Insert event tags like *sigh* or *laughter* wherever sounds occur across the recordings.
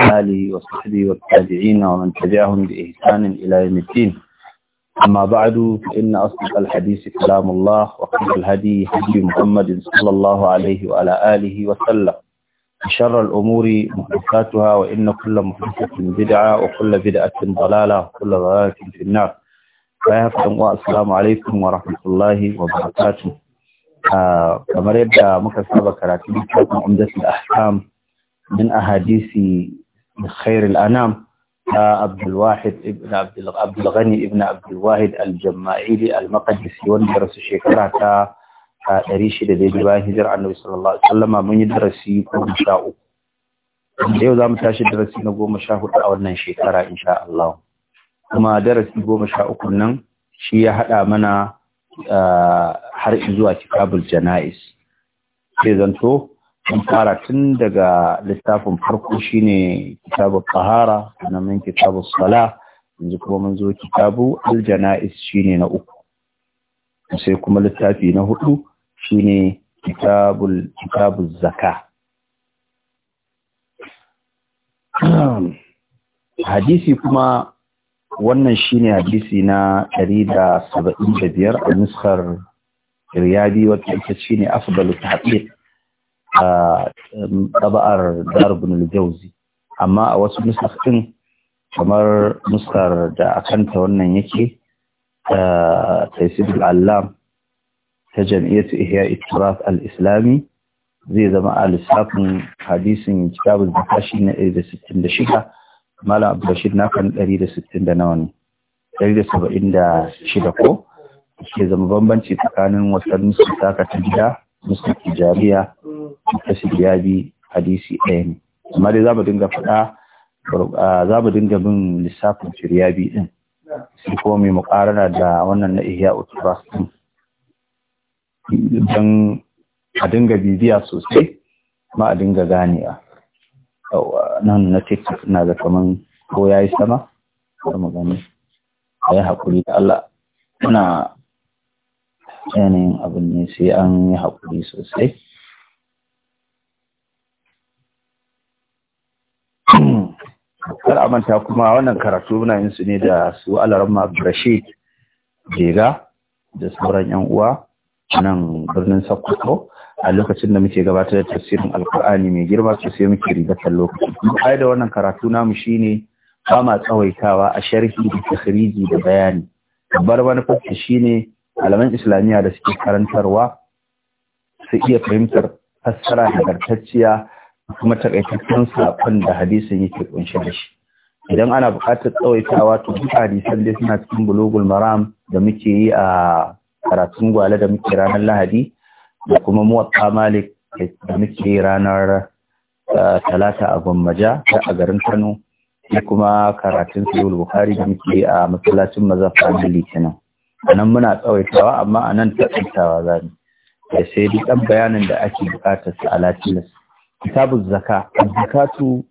آله وصحبه والتابعين ومن تبعهم بإحسان إلى يوم الدين أما بعد فإن أصدق الحديث كلام الله وخير الهدي هدي محمد صلى الله عليه وعلى آله وسلم شر الأمور محدثاتها وإن كل محدثة بدعة وكل بدعة ضلالة وكل ضلالة في النار السلام عليكم ورحمة الله وبركاته kamar yadda muka saba karatun littafin umdatul ahkam min ahadisi بخير الأنام عبد الواحد ابن عبد الغني ابن عبد الواحد الجماعيلي المقدسي وان درس شكرا تا تاريشي da daidai bayan hijirar annabi sallallahu alaihi wasallam mun yi darasi goma sha uku yau zamu tashi darasi na goma sha hudu a wannan shekara insha Allah kuma darasi goma sha uku nan shi ya haɗa mana har zuwa kitabul jana'is sai zanto mun fara tun daga littafin farko shine kitabu kahara sannan mun kitabu sala yanzu kuma mun zo kitabu aljanais shine na uku sai kuma littafi na hudu shine kitabul kitabu zaka hadisi kuma wannan shine hadisi na 175 a nuskar riyadi wata ita shine afdalu tahqiq a um, ɗaba'ar darubun jauzi amma a wasu nuskar ɗin kamar nuskar da akanta wannan yake ta taisidul allam ta jam'iyyatu ihya ittiraf al-islami zai zama a lissafin hadisin kitabul bakashi na 166 malam abdurrashid na kan da nawa ne 176 ko ke zama bambanci tsakanin wasan nuskar ta gida nuskar tijariya kashi ya bi hadisi ɗaya ne amma dai za mu dinga faɗa za mu dinga bin lissafin shiryabi ɗin sai kuma mai muƙarana da wannan na ihya utubas don a dinga bibiya sosai ma a dinga ganewa nan na tiktok na da kaman ko ya yi sama da mu gani a yi haƙuri da Allah muna yanayin abin ne sai an yi haƙuri sosai a kuma wannan karatu muna yin su ne da su alarma Rashid Jega da sauran yan uwa nan birnin Sokoto a lokacin da muke gabatar da tafsirin Alkur'ani mai girma su sai muke ribatar lokaci. Ai da wannan karatu namu shine ba ma tsawaitawa a sharhi da tasiriji da bayani. Babbar manufar shine malaman Islamiyya da suke karantarwa su iya fahimtar fassara nagartacciya kuma takaitaccen saƙon da hadisin yake ƙunshe da shi idan ana buƙatar tsawaitawa to duk hadisan dai suna cikin bulugul maram da muke yi a karatun gwale da muke ranar lahadi da kuma muwatta malik da muke ranar eh, talata a gwammaja a garin kano da kuma karatun sayul bukari da muke a masallacin mazafa na litinin a nan muna tsawaitawa amma a nan taƙaitawa za mu da sai duk ɗan bayanin da ake buƙatar su a latinus kitabun zaka zakatu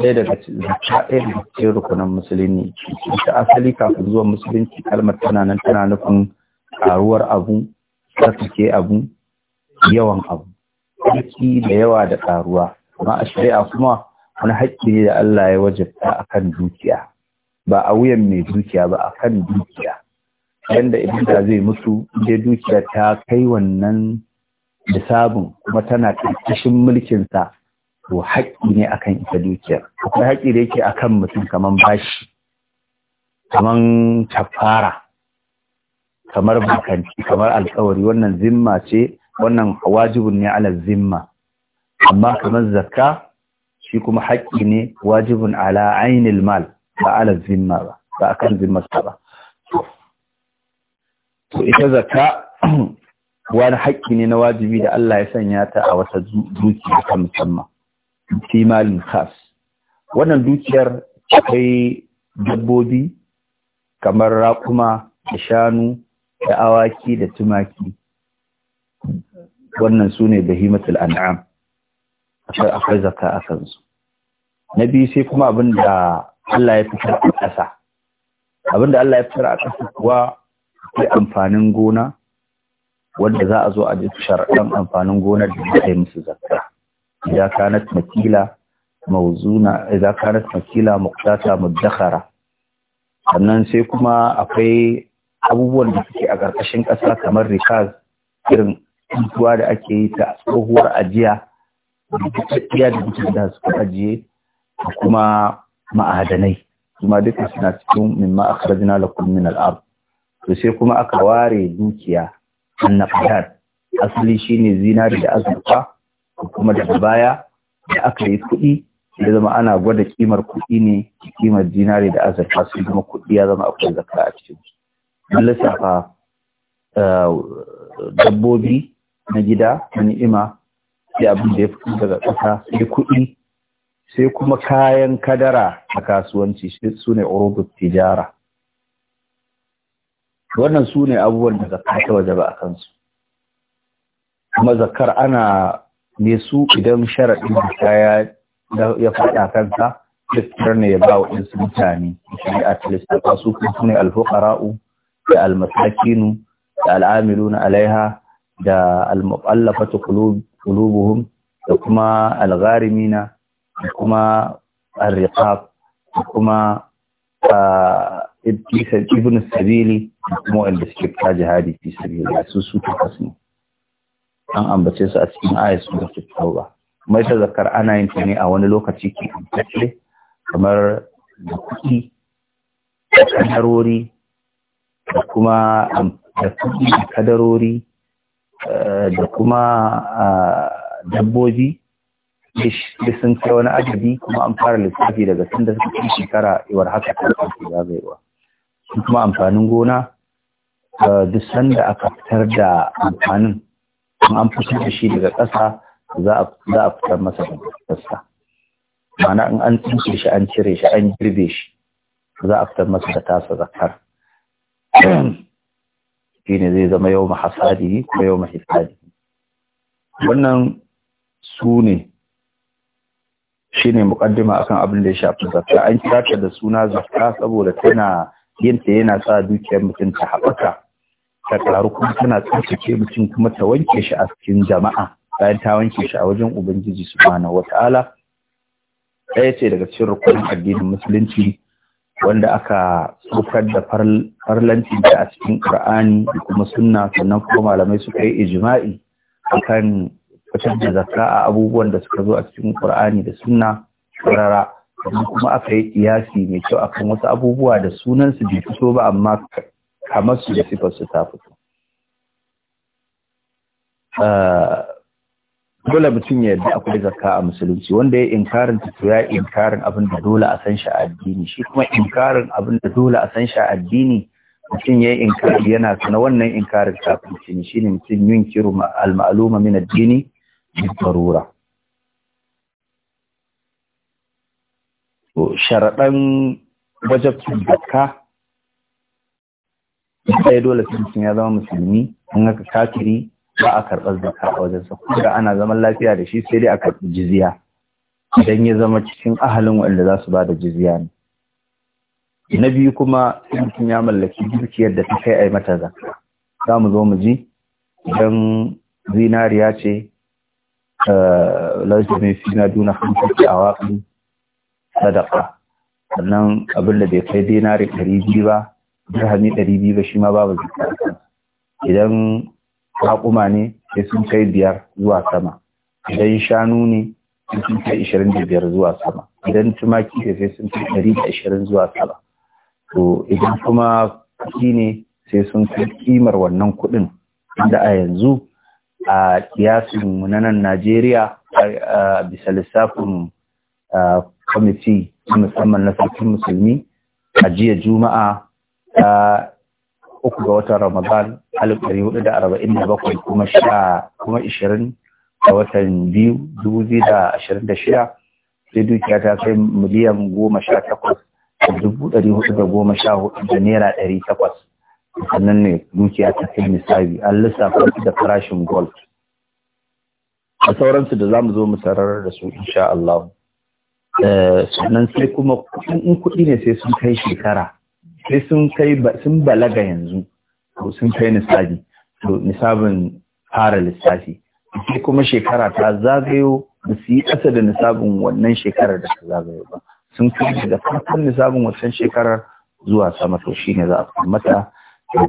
ɗaya daga zakka ɗaya cikin rukunan musulmi ita asali kafin zuwa musulunci kalmar tana nan tana nufin karuwar abu tsarkake abu yawan abu haƙƙi da yawa da karuwa amma a shari'a kuma wani haƙƙi ne da Allah ya wajabta akan dukiya ba a wuyan mai dukiya ba akan dukiya yanda idan da zai mutu je dukiya ta kai wannan lissafin kuma tana ƙarƙashin mulkinsa to haƙƙi ne akan ita dukiyar akwai haƙƙi da yake akan mutum kamar bashi kamar tafara, kamar bakanci kamar alƙawari wannan zimma ce wannan wajibin ne ala zimma amma kamar zakka shi kuma haƙƙi ne wajibin ala ainil mal ba ala zimma ba ba a kan zimmarsa ba to ita zakka *clears throat* wani haƙƙi ne na wajibi da Allah ya sanya ta a wata dukiya ta musamman fi khas wannan dukiyar akwai dabbobi kamar raƙuma da shanu da awaki da tumaki wannan su ne bahimatul an'am akwai zaka a kansu na biyu sai kuma abin da Allah ya fitar a ƙasa abin Allah ya fitar a ƙasa kuwa akwai amfanin gona wanda za a zo a ji sharaɗan amfanin gonar da ya musu zakka إذا كانت مكيلة موزونة إذا كانت مكيلة مقتاتة مدخرة sannan sai kuma akwai abubuwan da suke a ƙarƙashin ƙasa kamar rikaz irin tuntuwa da ake yi ta tsohuwar ajiya da dukkan da suka ajiye da kuma ma'adanai kuma duka suna cikin mimma akhrajna lakum min al al'ar to sai kuma aka ware dukiya annafadat asali shine zinari da azurfa kuma daga baya da aka yi kuɗi ya zama ana gwada kimar kuɗi ne kimar dinari da azurfa su zama kuɗi ya zama akwai zakka a cikin lissafa eh, dabbobi na gida na ni'ima sai abin da ya fito daga ƙasa sai kuɗi sai kuma kayan kadara a kasuwanci su ne urubut tijara wannan su ne abubuwan da zakka ta waje ba a kansu kuma zakkar ana ne su idan sharaɗin da ya faɗa kansa fitar ne ya ba waɗansu mutane shi a talistafa su kuma su ne alfuƙara'u da almasakinu da al'amilu na alaiha da almuɓallafata kulubuhum da kuma algharimina da kuma arriqab da kuma ibn sabili da kuma wanda suke fita jihadi fi sabili su su an ambace su a cikin ayat sun gafi tauba mai ta zakar ana yin ta ne a wani lokaci ke amfashe kamar da kuɗi da kadarori da kuma da kuɗi da kadarori eh, da kuma ah, dabbobi da sun ce wani adadi kuma an fara lissafi daga sun da suka shekara iwar haka ta ya kwanci zagayewa kuma amfanin gona eh, duk sanda aka fitar da amfanin in an fito da shi daga ƙasa za a fitar masa da ƙasa mana in an tsince shi an cire shi an girbe shi za a fitar masa da tasa zakar *clears throat* shi ne zai zama yau mahasadi ko yau mahisadi wannan su ne shi ne mukaddima akan abin da ya shafi zakka an kira ta da suna zakka saboda tana yin ta yana sa dukiyar mutum ta haɓaka ta karu kuma tana tsarkake mutum kuma ta wanke shi a cikin jama'a bayan ta wanke shi a wajen ubangiji subhanahu wata'ala ɗaya ce daga cikin rukunin addinin musulunci wanda aka tsokar da farlanci da a cikin qur'ani da kuma sunna sannan kuma malamai suka yi ijma'i akan fitar da zakka a abubuwan da suka zo a cikin qur'ani da sunna rara kuma aka yi kiyasi mai kyau akan wasu abubuwa da sunansu su bai fito ba amma kamar su da sifar su ta fito ah, dole mutum ya yarda akwai zarka a musulunci wanda ya inkarin to ya inkarin abin da dole a san shi a addini shi kuma inkarin abin da dole a san shi a addini mutum ya yi inkarin yana sana wannan inkarin shi ne shine mutum yunkiru al-ma'luma min addini, da bi Sharaɗan to sharadan wajabtun sai dole sun sun ya zama musulmi in aka kafiri ba a karɓar zaka a wajensa ko da ana zaman lafiya da shi sai dai a karɓi jizya idan ya zama cikin ahalin waɗanda za su ba da jizya ne na biyu kuma mutum ya mallaki dukiyar da ta kai a mata zaka za mu zo mu ji idan zinariya ce lalata mai na duna hankali a waƙi sadaka sannan abin da bai kai dinari ɗari biyu ba dirhami ɗari biyu ba shi ma babu zakka idan haƙuma ne sai sun kai biyar zuwa sama idan shanu ne sai sun kai ishirin da biyar zuwa sama idan tumaki ne sai sun kai ɗari da ashirin zuwa sama to idan kuma kuɗi ne sai sun kai kimar wannan kuɗin inda a yanzu a mu na nan Najeriya a bisa lissafin kwamiti musamman na sarkin musulmi a jiya juma'a ta uku ga watan Ramadan alif ɗari hudu da arba'in da bakwai kuma sha kuma ishirin da watan biyu dubu biyu da ashirin da shida sai dukiya ta kai miliyan goma sha takwas da dubu ɗari hudu da goma sha hudu da naira ɗari takwas sannan ne dukiya ta kai misali an lissafa da farashin gold a sauransu da za mu zo mu sarar da su insha Allah eh, sannan sai kuma in kuɗi ne sai sun kai shekara sai sun kai sun balaga yanzu ko sun kai nisabi to nisabin fara lissafi sai kuma shekara ta zagayo ba su yi ƙasa da nisabin wannan shekarar da ta zagayo ba sun kai daga farkon nisabin wancan shekarar zuwa sama to shine za a mata da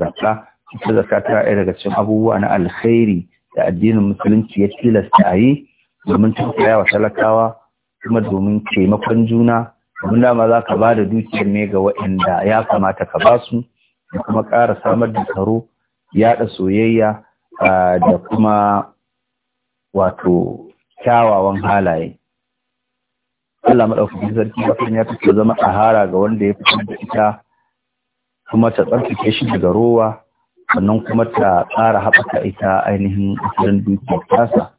ita zaka ta ɗaya daga cikin abubuwa na alkhairi da addinin musulunci ya tilasta a yi domin tausaya wa talakawa kuma domin taimakon juna da ma za ka ba da dukiyar ne ga waɗanda ya kamata ka ba su da kuma ƙara samar da tsaro yaɗa soyayya da kuma wato kyawawan halaye Allah maɗaukaki sarki wakan ya fito zama ahara ga wanda ya fito da ita kuma ta tsarkake shi daga rowa sannan kuma ta ƙara haɓaka ita ainihin asirin dukiyar tasa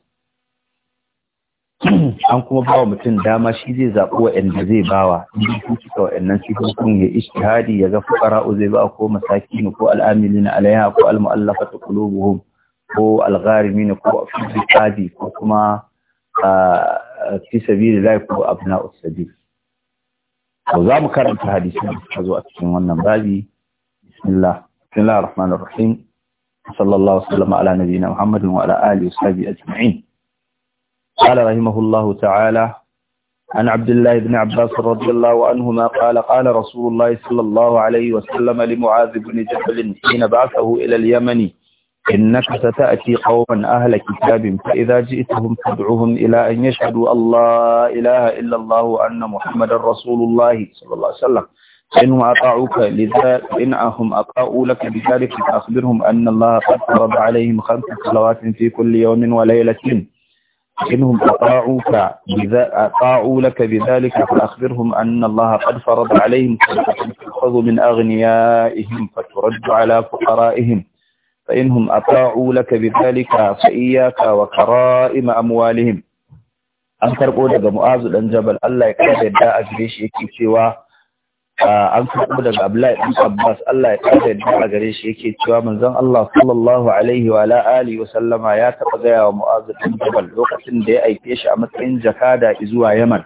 an kuma ba mutum dama shi zai zaɓi waɗanda zai bawa inda sun cika waɗannan sifofin ya ishtihadi ya ga fuqara zai ba ko masaki ne, ko al'amilina alaiha ko al ta qulubuhum ko al-gharimin ko fi ko kuma fi sabilillah ko abna'us sabil to za mu karanta hadisin da suka zo a cikin wannan babi bismillah bismillahir rahmanir rahim sallallahu alaihi wa sallam ala nabiyyina muhammadin wa ala alihi wa sahbihi ajma'in قال رحمه الله تعالى عن عبد الله بن عباس رضي الله عنهما قال قال رسول الله صلى الله عليه وسلم لمعاذ بن جبل حين بعثه إلى اليمن إنك ستأتي قوما أهل كتاب فإذا جئتهم فادعهم إلى أن يشهدوا الله إله إلا الله وأن محمد رسول الله صلى الله عليه وسلم فإنهم أطاعوك لذلك إنهم أطاعوا لك بذلك فأخبرهم أن الله قد فرض عليهم خمس صلوات في كل يوم وليلة إنهم أطاعوك أطاعوا لك بذلك فأخبرهم أن الله قد فرض عليهم فتأخذ من أغنيائهم فترد على فقرائهم فإنهم أطاعوا لك بذلك فإياك وكرائم أموالهم أن ترقوا لك معاذ الأنجبل الله يقول الداء جريش يكي سواه an karɓo daga Abdullahi ɗan Abbas Allah ya ƙara yadda a gare shi yake cewa manzon Allah sallallahu alaihi wa ala alihi wa sallama ya taɓa gaya wa Mu'az ɗan Jabal lokacin da ya aike shi a matsayin jakada zuwa Yaman.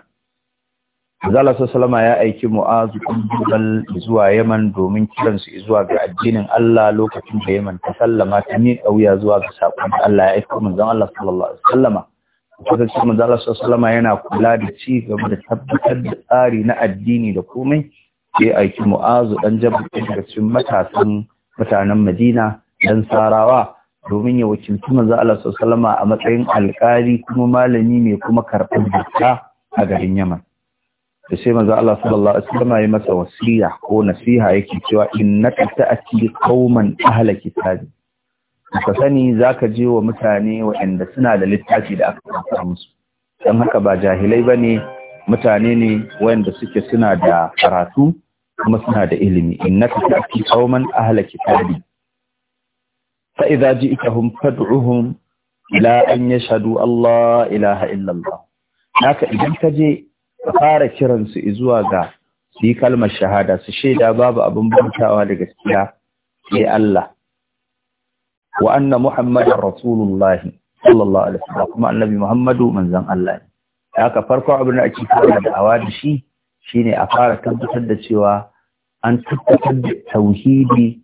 Zala sallama ya aiki Mu'az ɗan Jabal zuwa Yaman domin kiran su zuwa ga addinin Allah lokacin da Yaman ta sallama ta ne wuya zuwa ga sakon Allah ya aika manzon Allah sallallahu alaihi wa sallama. Kuka ce manzon Allah sallallahu alaihi wa sallama yana kula da ci gaba da tabbatar da tsari na addini da komai. ya aiki mu'azu dan jabal daga cikin matasan mutanen madina dan sarawa domin ya wakilci manzo Allah sallallahu a matsayin alƙali kuma malami ne kuma karɓar dukka a garin Yaman da sai manzo Allah sallallahu alaihi wasallam ya masa wasiya ko nasiha yake cewa innaka ta'ti qauman ahla kitab ka sani zaka je wa mutane waɗanda suna da littafi da aka karanta musu dan haka ba jahilai bane mutane ne waɗanda suke suna da karatu kuma suna da ilimi innaka ta'ti qauman ahla kitabi fa idza ji'tahum fad'uhum ila an yashhadu Allah ilaha illa Allah haka idan ka je ka fara kiran su zuwa ga su kalmar shahada su shaida babu abin bantawa da gaskiya sai Allah wa anna muhammadar rasulullah sallallahu alaihi wasallam kuma annabi muhammadu manzon Allah ne haka farko abin da ake fara da'awa da shi shine a fara tabbatar da cewa an tabbatar da tauhidi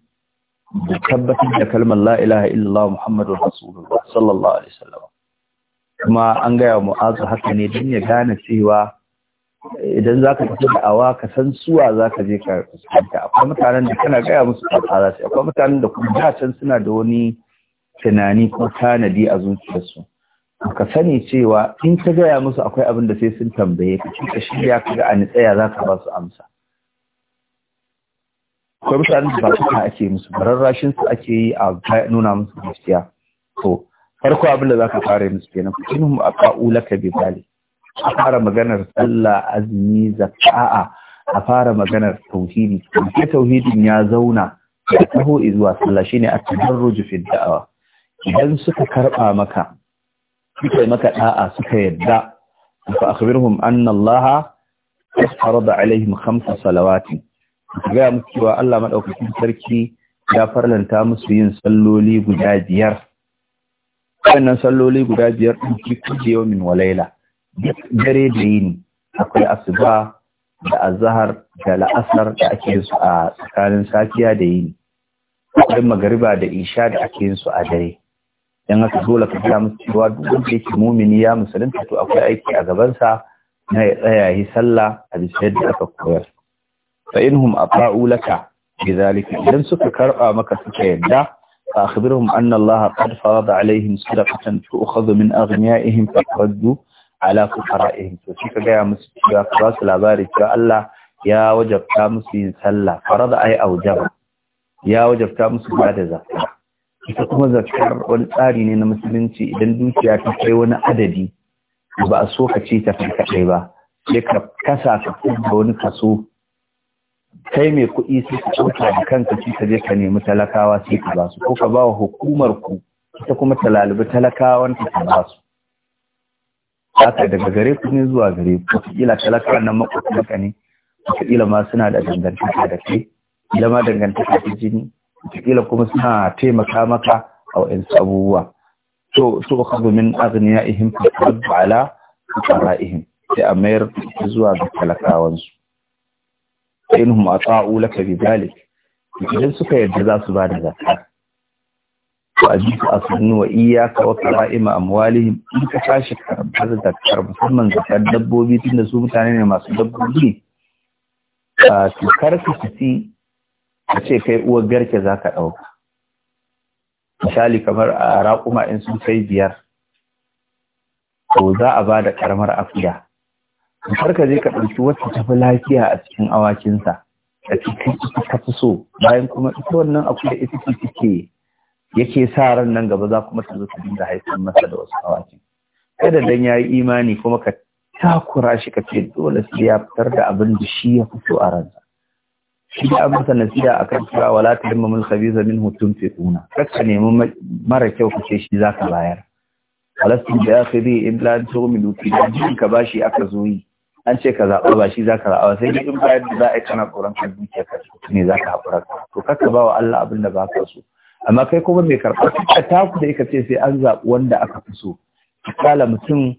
da tabbatar da kalmar la ilaha illallah muhammadur rasulullah sallallahu alaihi wasallam kuma an gaya mu'azu haka ne don ya gane cewa idan za ka tafi da'awa ka san suwa za ka je ka fuskanta akwai mutanen da kana gaya musu tsara su akwai mutanen da kuma dacen suna da wani tunani ko tanadi a zuciyarsu ka sani cewa in ka gaya musu akwai abin da sai sun tambaye ka cika shirya ka ga a tsaya za ka ba su amsa akwai mutanen da ba su ka ake musu bararrashin su ake yi a nuna musu gaskiya to farko abin da za ka fara musu kenan ku a aqa'u laka bi bali a fara maganar sallah azumi zakka'a a fara maganar tauhidi ke tauhidin ya zauna ya taho zuwa sallah shine at-tadarruj fi da'awa idan suka karɓa maka suka maka da'a suka yadda fa akhbirhum anna Allah farada alaihim khamsa salawatin ga mu cewa Allah madaukakin sarki ya farlanta musu yin salloli guda biyar wannan salloli guda biyar din ki kuje min walaila dare da yini akwai asuba da azhar da la'asar da ake yin su a tsakanin safiya da yini akwai magariba da isha da ake yin su a dare in haka dole ka ta musu cewa duk wanda yake mumini ya musulunta to akwai aiki a gabansa na ya tsaya yi sallah a bisa yadda aka koyar fa inhum afa'u laka bidhalika idan suka karba maka suka yadda fa akhbirhum anna Allah qad farada alaihim sadaqatan tu'khadhu min aghniyaihim fatraddu ala fuqara'ihim to shi ka ga musu cewa ka ba su labari cewa Allah ya wajabta musu yin sallah farada ay awjaba, ya wajabta musu ba da zakka ita kuma zakar wani tsari ne na musulunci idan dukiya ta kai wani adadi ba a so ka ce ta kadai ba sai ka kasa ka da wani kaso kai mai kuɗi sai ka ɗauka da kanka ci ka je ka nemi talakawa sai ka ba su ko ka ba wa hukumar ku ita kuma ta lalubi talakawan ta ba su haka daga gare ku ne zuwa gare ku kila talakawa nan makwabtanka ne kila ma suna da dangantaka da kai ila ma dangantaka da jini kila kuma suna taimaka maka a wa'insu abubuwa to to khadhu min aghniyaihim fa da ala fuqaraihim sai a mayar zuwa ga talakawansu inhum ata'u laka bidalik idan suka yarda za su ba da zakka to a jika wa iyaka wa qara'ima amwalihim in ka tashi da zakkar musamman zakkar dabbobi tunda su mutane ne masu dabbobi a ci a ce kai uwar garke za ka ɗauka misali kamar a raƙuma in sun kai biyar to za a ba da ƙaramar afiya kar ka je ka ɗauki wata tafi lafiya a cikin awakinsa a cikin ita ta fi so bayan kuma ita wannan akuya ita ce take yake sa ran nan gaba za kuma ta zo ta dinga haifar masa da wasu awakin kada dan ya yi imani kuma ka takura shi ka ce dole sai ya fitar da abin da shi ya fito a ransa shi an abin sa nasiya kan cewa wala ta min hutun fi tunfiquna kaka nemi mara kyau ka ce shi zaka bayar walastu bi akhiri illa an tu'minu fi dinin ka bashi aka zo yi an ce ka zaɓa ba shi za ka zaɓa sai in bayar da za a yi kana tsoron kan zuciya ka ne za ka haƙura to kaka ba Allah abin da ba ka so amma kai kuma mai karɓa ka taku da ika ce sai an zaɓi wanda aka fi so kala mutum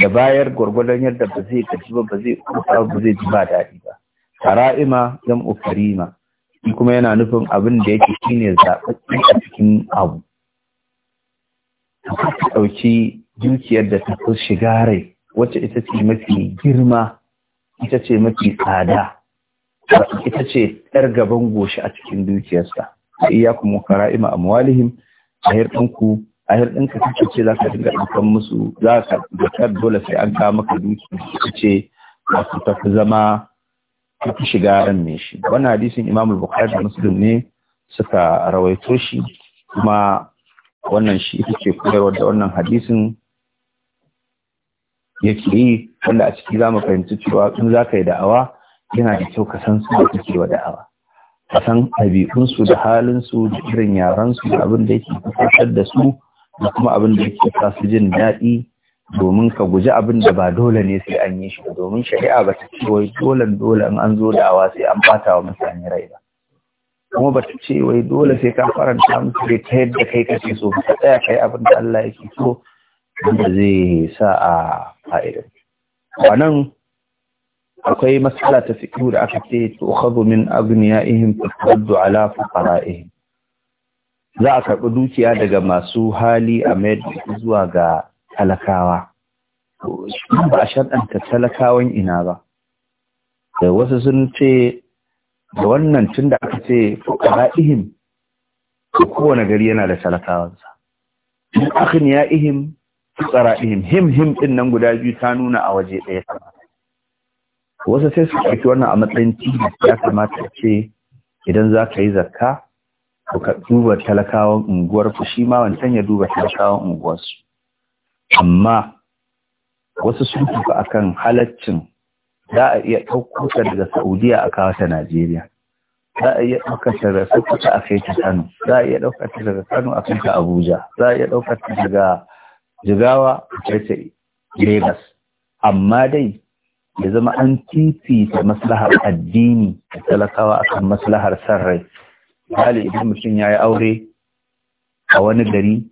da bayar gwargwadon yadda ba zai gaji ba ba zai ba zai ji ba daɗi ba kara'ima ukarima karima kuma yana nufin abin da yake ne zaɓaɓɓen a cikin abu ka ɗauki dukiyar da ta fi shiga rai wacce ita ce mafi girma ita ce mafi tsada ita ce ɗar gaban goshi a cikin dukiyarsa a iya kuma kara'ima muwalihim? a hirɗinku a hirɗinka kake ce za ka dinga ɗaukar musu za ka dole sai an kawo maka dukiyar ita ce wasu tafi zama ya shiga ran ne shi wannan hadisin imamul al-bukhari da muslim ne suka rawaito shi kuma wannan shi yake koyarwa da wannan hadisin yake yi wanda a ciki zamu fahimci cewa in za ka yi da'awa yana da kyau ka san su da kake wa da'awa ka san ɗabi'unsu da halin su da irin yarensu da abin da yake kusantar da su da kuma abin da yake sa su jin daɗi domin ka guji abin da ba dole ne sai an yi shi ba domin shari'a ba ta ce wai dole dole in an zo da awa sai an bata wa mutane rai ba kuma ba ta ce wai dole sai ka faranta musu da ta yadda kai kake so ka tsaya kai abin da Allah yake so wanda zai sa a fa'idar a nan akwai matsala ta fiƙi da aka ce to khadu min agniyaihim tafaddu ala fuqara'ihim za a karɓi dukiya daga masu hali a mayar zuwa ga talakawa ba a shaɗanta talakawan ina ba da wasu sun ce da wannan tun da aka ce fukara ihim kowane gari yana da talakawansa in akin ya ihim fukara ihim him him ɗin nan guda biyu ta nuna a waje ɗaya wasu sai su ɗauki wannan a matsayin tibis ya kamata ce idan za ka yi zakka ku ka duba talakawan unguwarku shi ma wancan ya duba talakawan unguwarsu amma wasu sun tafi akan halaccin za a iya ɗauko ta daga Saudiya a kawo Najeriya za a iya ɗaukar daga Sokoto a kai ta Kano za a iya ɗaukar daga Kano a kai Abuja za a iya ɗauka daga Jigawa a kai ta Lagos amma dai ya zama an titi ta maslahar addini da talakawa akan maslahar san rai misali idan mutum ya yi aure a wani gari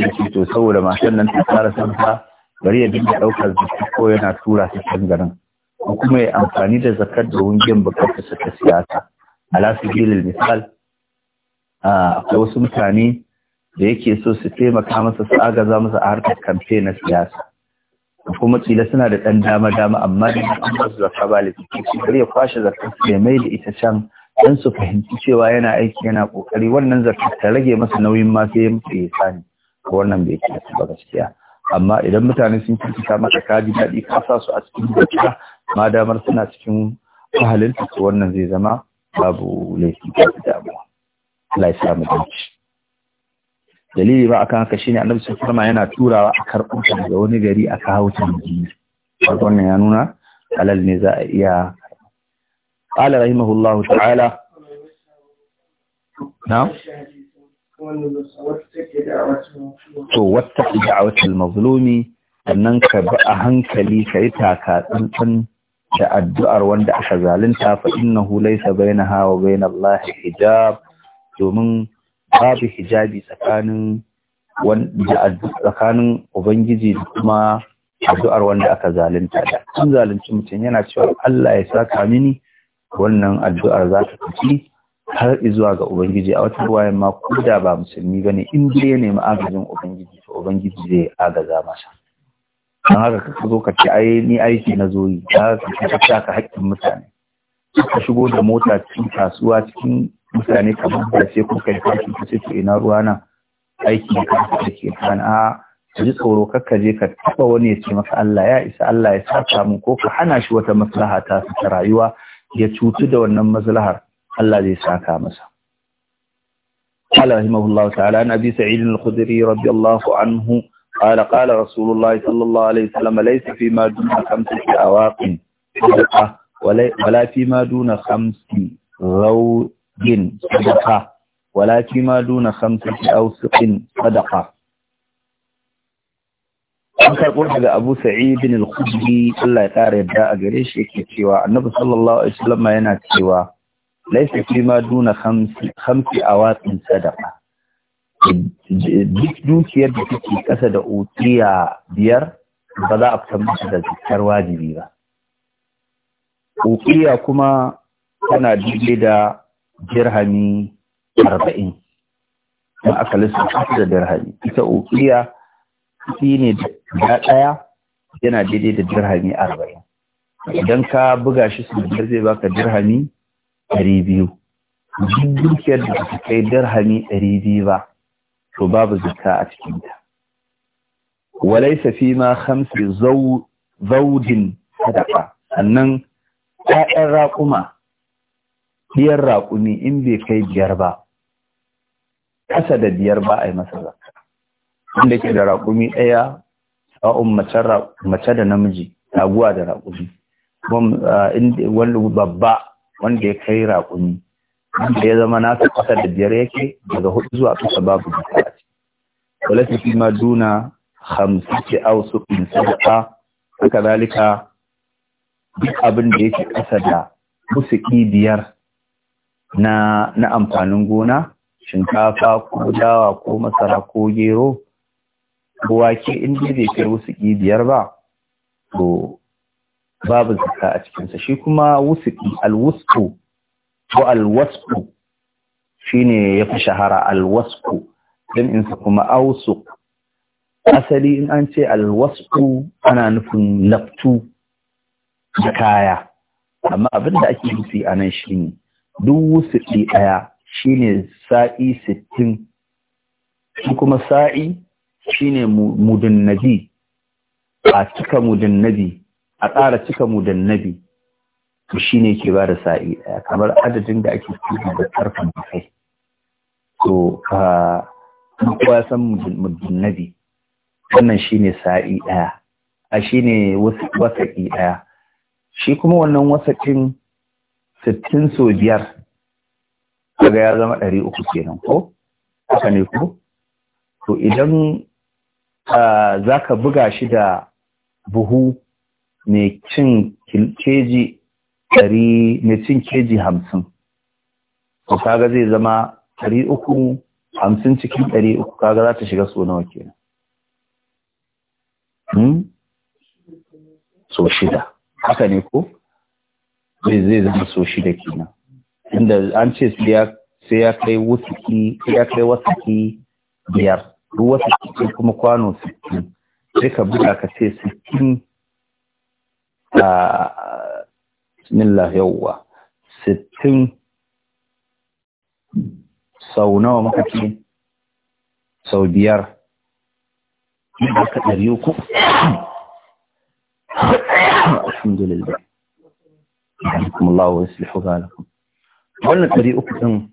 ya ce to saboda matan nan ta fara sarka, bari ya dinga ɗaukar zaki ko yana tura ta can garin ko kuma ya amfani da zakar da wungin bukatar su ta siyasa ala sabilil misal akwai wasu mutane da yake so su taimaka masa su agaza masa a harkar kamfe na siyasa kuma tsila suna da ɗan dama dama amma da an ba su zaka ba lafiya su bari ya kwashe zakar su ya mai da ita can don su fahimci cewa yana aiki yana kokari wannan zakar ta rage masa nauyin ma sai ya mutu ya sani wannan bai ci ba gaskiya amma idan mutane sun ta maka kaji daɗi ka sa su a cikin gaskiya ma damar suna cikin ahalin su wannan zai zama babu laifi ba da damuwa Allah ya samu dace dalili ba akan haka shine annabi sallallahu alaihi yana turawa a karɓar ta daga wani gari a kawo ta Madina wannan ya nuna halal ne za a iya قال رحمه الله تعالى to wata da'awatul mazlumi sannan ka bi a hankali ka yi taka tsantsan da addu'ar wanda aka zalunta fa innahu laysa bainaha wa bainallahi hijab domin babu hijabi tsakanin wanda tsakanin ubangiji da kuma addu'ar wanda aka zalunta da an zalunci mutum yana cewa Allah ya saka mini wannan addu'ar za ta tafi har izuwa ga ubangiji a wata ruwa ma ko da ba musulmi bane in dai ya nemi agajin ubangiji to ubangiji zai agaza masa don haka ka zo ka ce ai ni aiki na zo yi ka ka ka ka haƙƙin mutane ka shigo da mota cikin kasuwa cikin mutane kamar ba sai ko kai ka ce to ina ruwa na aiki ka kanka ke kan a ji tsoro ka je ka taba wani ya ce maka Allah ya isa Allah ya saka mu ko ka hana shi wata maslaha ta ta rayuwa ya cutu da wannan maslahar الذي zai saka قال رحمه الله تعالى عن أبي سعيد الخدري رضي الله عنه قال قال رسول الله صلى الله عليه وسلم ليس فيما دون خمس أواق صدقة ولا فيما دون خمس روج صدقة ولا فيما دون خمس أوسق صدقة أنا أقول هذا أبو سعيد al-khudri Allah ya ƙara yadda a gare shi yake cewa annabi sallallahu laisa fi ma duna hamsi a watsin sadaka duk dukiyar da take kasa da ukiya biyar ba za a fita masa da zikar wajibi ba ukiya kuma tana daidai da dirhami arba'in in aka lissafa da dirhami ita ukiya shi ne da ɗaya yana daidai da dirhami arba'in idan ka buga shi su biyar zai baka dirhami ɗari biyu duk dukiyar da ta kai dirhami ɗari biyu ba to babu zuka a cikinta walaisa fi ma hamsi zaudin sadaka sannan ƴaƴan raƙuma biyar raƙumi in bai kai biyar ba ƙasa da biyar ba a yi masa zakka inda ke da raƙumi ɗaya sa'un mace da namiji taguwa da raƙumi ah, wani babba wanda ya kai raƙumi wanda ya zama nasa ƙasa da biyar yake daga hudu zuwa ƙasa babu zakka a wala su fi ma duna au su in sadaka haka zalika duk abin da yake ƙasa da musuki biyar na amfanin gona shinkafa ko dawa ko masara ko gero ko wake in dai bai kai musuki biyar ba to babu zakka a cikinsa shi kuma wusiki alwusku ko alwasku shine ya fi shahara alwasku jam'insa kuma ausuk asali in an ce alwasku ana nufin laftu da kaya amma abin da ake nufi a nan shi ne duk wusiki ɗaya shine sa'i sittin shi kuma sa'i shine mudunnabi a cika mudunnabi a tsara cika mu da nabi to shi ne ke ba da sa'i ɗaya kamar adadin da ake cikin da ƙarfin kai to ka kuwa san muddin nabi wannan shi ne sa'i ɗaya a shi ne wasaƙi ɗaya shi kuma wannan wasaƙin sittin so biyar kaga ya zama ɗari uku kenan ko haka ne ko to idan za ka buga shi da buhu mai cin keji hamsin to kaga zai zama ɗari uku hamsin cikin ɗari uku kaga za ta shiga so nawa kenan hmm? so shida haka ne ko zai zama so shida kenan inda an ce sai ya kai wasaki ya kai wasaki biyar ruwa wasaki kuma kwano sittin sai ka buga ka ce sittin bismillah yawwa sittin sau nawa maka ce sau biyar ka ɗari uku alhamdulillah wannan ɗari uku ɗin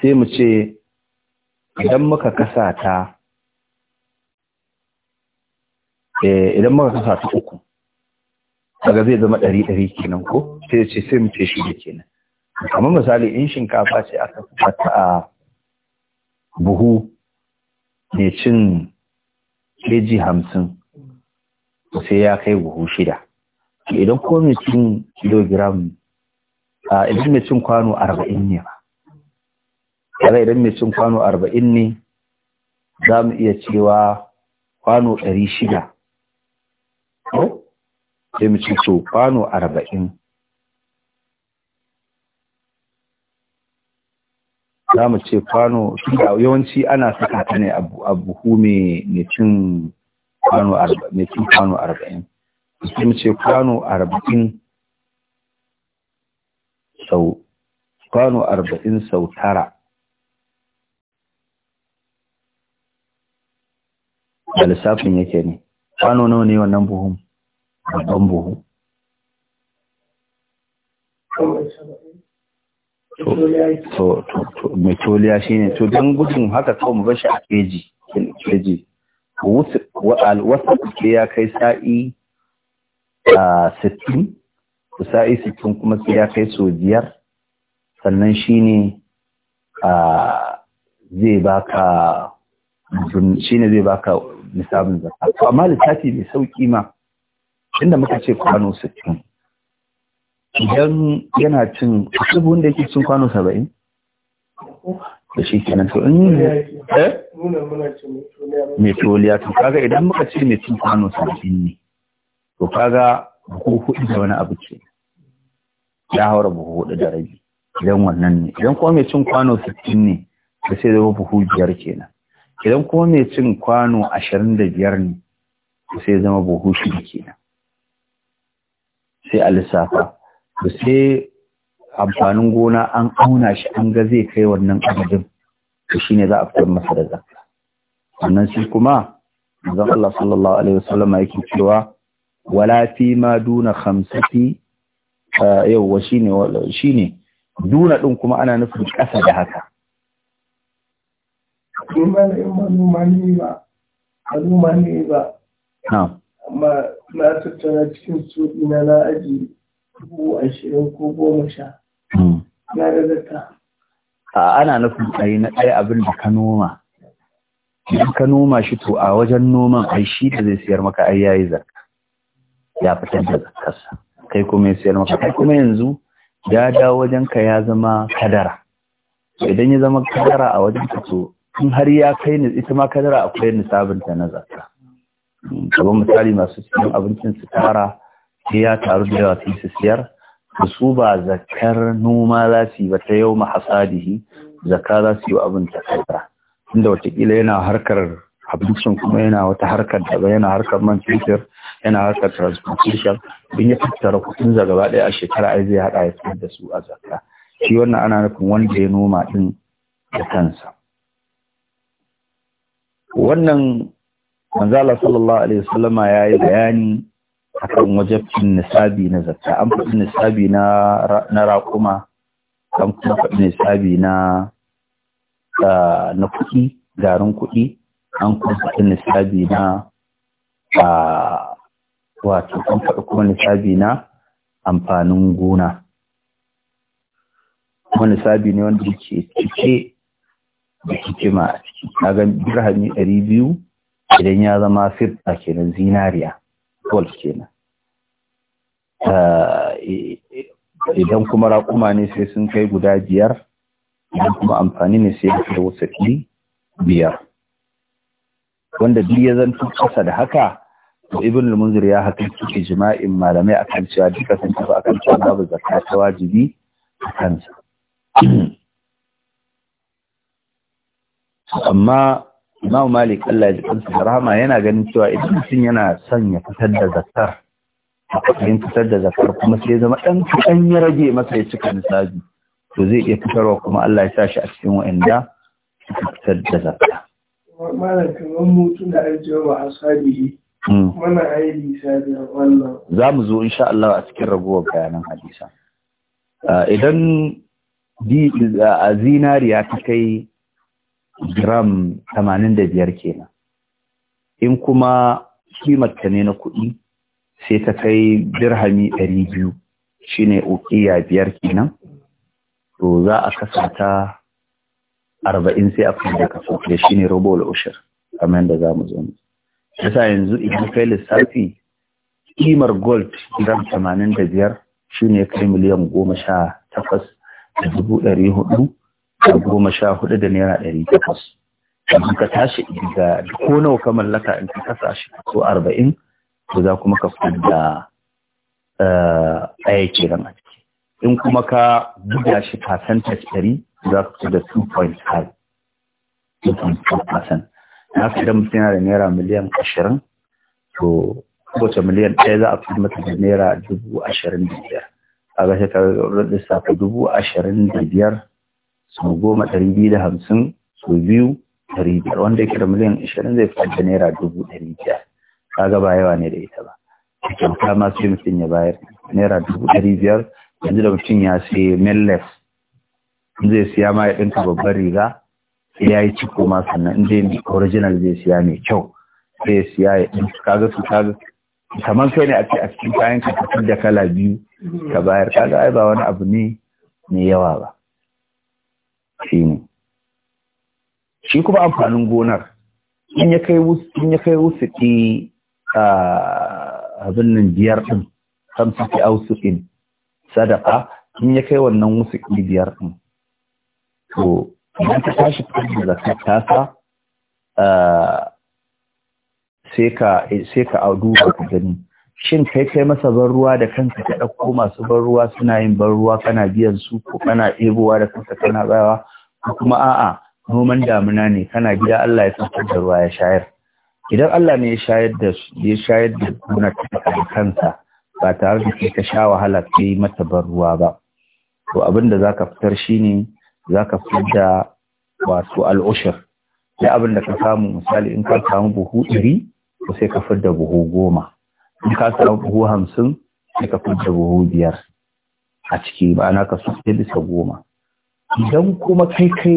sai mu ce idan muka kasa ta idan muka kasa ta uku kaga zai zama ɗari ɗari kenan ko sai ce sai mutum shi da kenan kamar misali in shinkafa ce aka fata a buhu mai cin keji hamsin sai ya kai buhu shida idan ko mai cin kilogram a idan mai cin kwano arba'in ne ba kaga idan mai cin kwano arba'in ne za mu iya cewa kwano ɗari shida sai mu ce kwano arba'in za mu ce kwano yawanci ana saka ta ne a buhu mai cin kwano arba'in sai mu ce kwano arba'in sau kwano arba'in sau tara da lissafin yake ne kwano nawa ne wannan buhun buhu mai toliya shi ne to don gudun haka kawo mu bashi a keji keji alwasa ke ya kai sa'i a sittin ku sa'i sittin kuma sai ya kai so biyar sannan shi ne zai baka shi ne zai baka misalin zaka amma littafi mai sauki ma inda muka ce kwano 60 idan yana cin dubu da yake cin kwano 70 da shi kenan to in yi eh? metoliya to kaga idan muka ce mai cin kwano 70 ne to kaga buhu hudu da wani abu ce ya haura buhu hudu da rabi idan wannan ne idan kuma mai cin kwano 60 ne da sai zama buhu biyar kenan idan kuma mai cin kwano 25 ne sai zama buhu shida kenan sai a lissafa to sai amfanin gona an auna shi an ga zai kai wannan adadin to ne za a fitar masa da zakka sannan shi kuma manzon Allah sallallahu alaihi wasallam yake cewa wala fi ma duna khamsati wa shine shine duna din kuma ana nufin ƙasa da haka in ba in manoma ba ba na'am amma na tattara cikin su ina na aji dubu ashirin ko goma sha hmm. na da zata a ana nufin tsaye na ɗaya abin da ka noma In ka noma shi to a wajen noman ai shi da zai siyar maka ai yayi zakka ya fitar da zakkarsa kai kuma ya siyar maka kai kuma yanzu ya dawo wajen ka ya zama kadara idan ya zama kadara a wajen ka to in har ya kai ni ita ma kadara akwai nisabinta na zakka kamar misali masu cikin abincin su tara sai ya taru da yawa su siyar da su ba zakar noma za su yi ba ta yau mahasadihi zaka za su yi abin ta kaita inda watakila yana harkar abincin kuma yana wata harkar da yana harkar man fetur yana harkar transportation bin ya tattara kuɗin za gaba ɗaya a shekara ai zai haɗa ya fitar da su a zakka shi wannan ana nufin wanda ya noma ɗin da kansa wannan Wanzala sallallahu alaihi wasallam ya yi bayani akan wajabcin nisabi na zakka an faɗi nisabi na na raƙuma an kuma faɗi nisabi na ah, na kuɗi garin kuɗi an kuma faɗi nisabi na ah, wato an faɗi kuma nisabi na amfanin gona kuma nisabi ne wanda yake cike da hikima a ciki na ga dirhami ɗari biyu idan ya zama a kenan zinariya gold kenan eh, idan kuma raƙuma ne sai sun kai guda biyar idan kuma amfani ne sai ya kai wasu biyar wanda duk ya zanto ƙasa da haka to ibn al ya ya haƙiƙi ijma'in malamai a kan cewa duka sun tafi a kan cewa babu zakka ta wajibi a kansa *clears throat* amma Imam Malik Allah ya ji kansa da rahama yana ganin cewa idan mutum yana son ya fitar da zakar yin fitar da zakar kuma sai zama ɗan kaɗan ya rage masa ya cika nisabi to zai iya fitarwa kuma Allah ya sa shi a cikin wa'anda suka fitar da zakar. Hmm. Za mu zo insha Allah a cikin ragowar bayanan hadisa. Ah, idan a zinariya ta kai gram 85 kenan in kuma kimar ta ne na kuɗi sai ta kai Birhami dirhami 200 shine uqiya biyar kenan to za a kasa ta 40 sai a fara kaso da shine da ushir kamar yadda za mu zama yasa yanzu idan kai lissafi kimar gold gram 85 shine kai miliyan goma sha takwas da dubu ɗari hudu goma sha hudu da naira ɗari takwas amma ka tashi daga ko nawa ka mallaka in ka kasa shi so arba'in to za kuma ka fitar da eh, ɗaya kenan a ciki in kuma ka buga shi percentage ɗari za ka fitar da 2.5 percent. na fi da mutum yana da naira miliyan ashirin to kowace miliyan ɗaya za a fi mata da naira dubu ashirin da biyar a gashi ka lissafa dubu ashirin da biyar sau goma ɗari biyu da hamsin sau biyu ɗari biyar wanda yake da miliyan ashirin zai fi da naira dubu ɗari biyar kaga ba yawa ne da ita ba kyauta ma sai mutum ya bayar naira dubu ɗari biyar yanzu da mutum ya sai millet zai siya ma ya ɗinka babbar riga sai ya yi ciko ma sannan in zai original zai siya mai kyau sai ya siya ya ɗinka kaga su kaga kamar kai ne a cikin kayan ka da kala biyu ka bayar kaga ai ba wani abu ne mai yawa ba shi shi kuma amfanin gonar in ya kai in ya kai ki a abin nan biyar din samsaki din sadaka in ya kai wannan ki biyar din to idan ka tashi fitar da zakat a sai ka sai ka ka gani shin kai kai masa ban ruwa da kanka ka ɗauko masu ban ruwa suna yin ban ruwa kana biyan su ko kana ɗebowa da kanka kana bayawa ko kuma a'a noman damuna ne kana gida Allah ya saukar da ruwa ya shayar idan Allah ne ya shayar da ya shayar da kuna da kansa ba tare da ka sha wahala ka yi mata ban ruwa ba to abin da zaka fitar shine zaka fitar da wato al'ushur da abin da ka samu misali in ka samu buhu ɗiri, ko sai ka fitar da buhu goma in ka samu buhu hamsin sai ka fidda buhu biyar a ciki ba na ka sai bisa goma idan kuma kai kai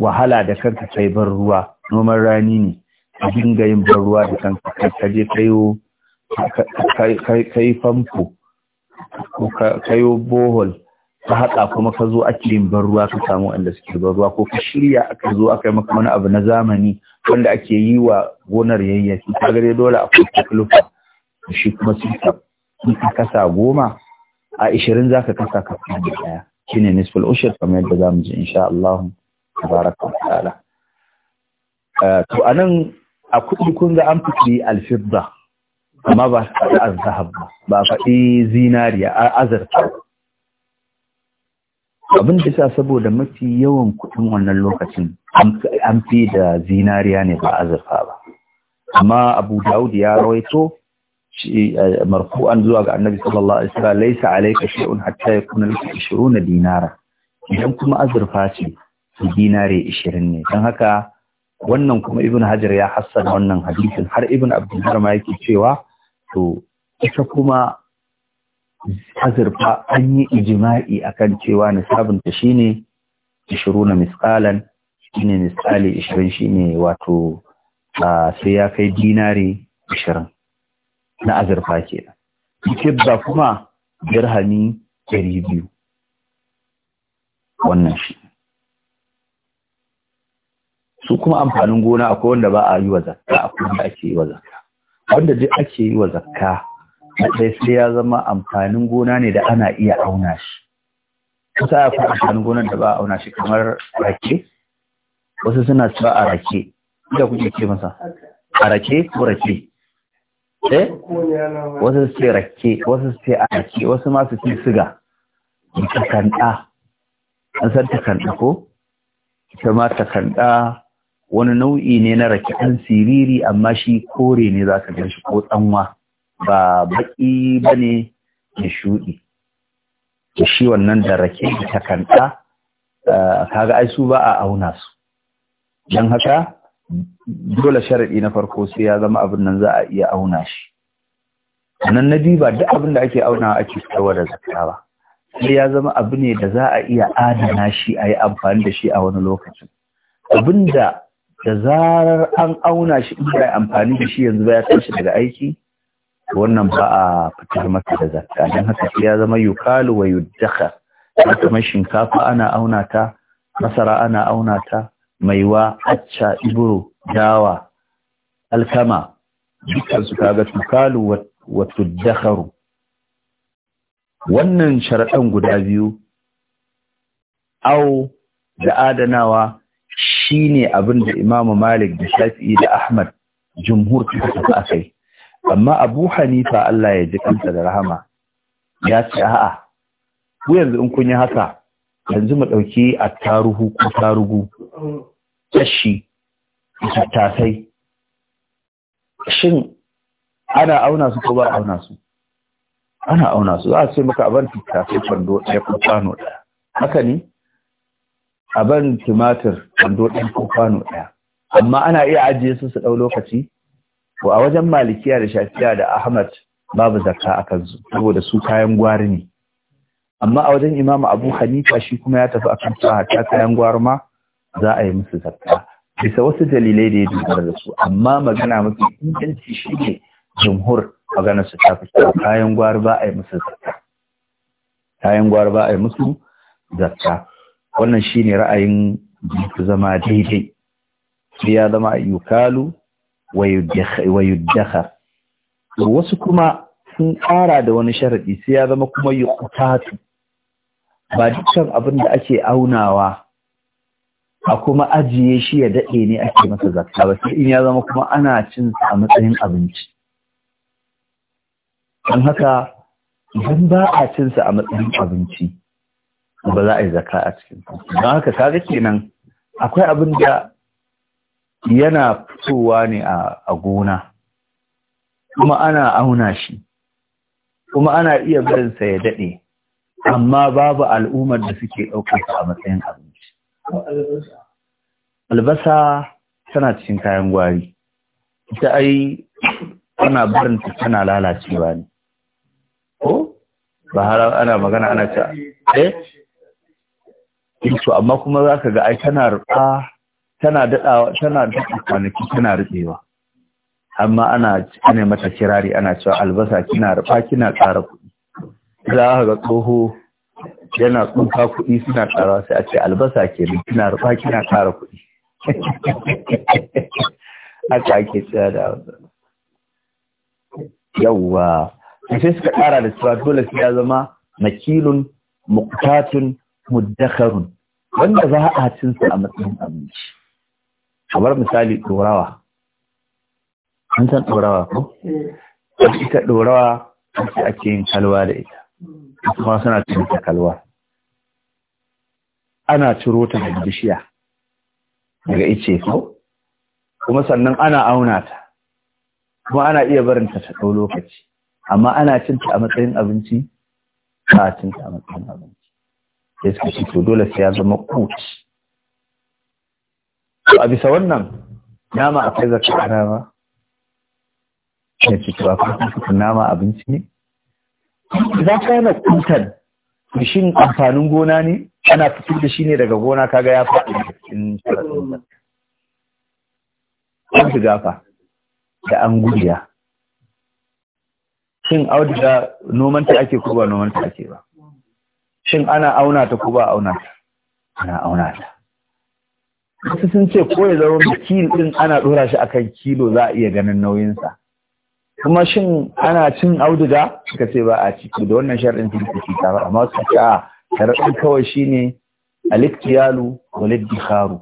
wahala da kanka kai bar ruwa noman rani ne ka dinga yin ban ruwa da kanka kai ka je kayo kai famfo ko kayo bohol ka haƙa kuma ka zo ake yin ban ruwa ka samu wanda suke ban ruwa ko ka shirya aka zo aka yi maka wani abu na zamani wanda ake yi wa gonar yayyaki ka gare dole a kuka shi kuma sun ka kasa goma a ishirin za ka kasa ka da ɗaya shi ne nisful ushir kamar yadda za mu ji insha Allah tabaraka wa ta'ala eh, to anan a kuɗi kun ga an fiti alfidda amma ba su faɗi azahab ba ba faɗi zinariya a azarta abin da sa saboda mafi yawan kuɗin wannan lokacin an fi da zinariya ne ba azurfa ba amma abu daud ya rawaito shi eh, marfu'an zuwa ga annabi sallallahu alaihi wasallam laysa alayka shay'un hatta yakuna laka 20 dinara idan kuma azurfa ce to dinare 20 ne dan haka wannan kuma ibn hajar ya hassana wannan hadisin har ibn abdullah ma yake cewa to ita kuma azurfa an yi ijma'i akan cewa nisabinta shine 20 misqalan shine misali 20 shine wato ah, sai ya kai dinare 20 na azurfa ke nan, kibba kuma birhani ɗari biyu wannan shi su kuma amfanin gona akwai wanda ba a yi wa zakka akwai wanda ake yi wa zakka wanda duk ake yi wa zakka na ɗaya sai ya zama amfanin gona ne da ana iya auna shi kusa ya fi amfanin gonan da ba a auna shi kamar rake wasu suna cewa a rake inda kuke ce masa a rake ko rake eh wasu su ce rake wasu ce wasu ma su ce siga takanda an san ko ita ma takanda wani nau'i ne na rake an siriri amma shi kore ne za ka gan shi ko tsanwa ba baki ba ne ya shuɗi da shi wannan da rake da takanda eh, kaga ai su ba a auna su don haka dole sharaɗi na farko sai ya zama abin nan za a iya auna shi nan na biyu ba duk abin da ake auna ake fitarwa da zakka ba sai ya zama abu ne da za a iya adana shi a yi amfani da shi a wani lokacin abin da da zarar an auna shi in ba amfani da shi yanzu ba ya tashi daga aiki wannan ba a fitar masa da zakka don haka sai ya zama yukalu wa yuddaka kamar shinkafa ana auna ta masara ana auna ta maiwa acca Ibro dawa alkama dukansu kaga tukalu wa tuddakharu wannan sharaɗan guda biyu au da adanawa shine abin da imamu malik da shafi'i da ahmad jumhur ta tafi akai amma abu hanifa allah ya ji kanta da rahama ya ce a'a ku yanzu in kun yi haka yanzu mu ɗauki taruhu ko tarugu tashi tattasai shin ana auna su ko ba auna su ana auna su za a ce maka abin tattasai kwando ɗaya ko kwano ɗaya haka ne abin tumatir kwando ɗaya ko kwano ɗaya amma ana iya ajiye su su ɗau lokaci ko a wajen malikiya da shafiya da ahmad babu zakka a kansu saboda su kayan gwari ne amma a wajen imamu abu hanifa shi kuma ya tafi akan sa ta kayan gwari ma za a yi musu zakka bisa wasu dalilai da ya dogara da su amma magana mafi inganci shi ne jumhur magana su ta fito kayan gwari ba a yi musu zakka kayan gwari ba a yi musu zakka wannan shi ne ra'ayin su zama daidai sai ya zama yukalu wa yuddaka wasu kuma sun ƙara da wani sharaɗi sai ya zama kuma yukutatu ba dukkan abin da ake aunawa a kuma ajiye shi ya daɗe ne ake masa zakka ba sai in ya zama kuma ana cin a matsayin abinci don haka idan ba a cin sa a matsayin abinci ba za a yi zakka a cikin don haka kaga kenan akwai abin da yana fitowa ne a gona kuma ana auna shi kuma ana iya barinsa ya daɗe amma babu al'ummar da suke sa a matsayin abinci albasa tana cikin kayan gwari ita ai ana barin ta tana lalacewa ne ko ba har ana magana ana ta eh to amma kuma za ka ga ai tana rufa tana daɗawa tana daɗa kwanaki tana rufewa amma ana ana mata kirari ana cewa albasa kina rufa kina tsara kuɗi za ka ga tsoho yana tsuka kuɗi suna ƙara sai a ce albasa ke nan kina rufa kina ƙara kuɗi haka ake tsaya da yawwa sai suka ƙara da cewa dole sai ya zama makilun muktatun muddakarun wanda za a cinsa a matsayin abinci kamar misali ɗorawa an san ɗorawa ko ita ɗorawa ake yin kalwa da ita kuma suna cinta ta kalwa ana ciro ta daga bishiya daga ice ko kuma sannan ana auna ta kuma ana iya barin ta dau lokaci amma ana cinta a matsayin abinci ba a cinta a matsayin abinci sai ci to dole sai ya zama kuci a bisa wannan nama akwai zakka nama ya ce to akwai kuma nama abinci ne za ka yana kutan shin amfanin gona ne ana fito da shi ne daga gona kaga ya faɗi da cikin sarrafinsa auduga fa da anguliya shin auduga noman ta ake kuba noman ta ake ba shin ana auna ta ko ba auna ta ana auna ta wasu sun ce ko ya da kilo din ana dora shi akan kilo za a iya ganin nauyinsa kuma shin ana cin auduga suka ce ba a ciki da wannan sharɗin sun fi ta ba amma suka ce a sharaɗin kawai shine aliktiyalu walid Haru,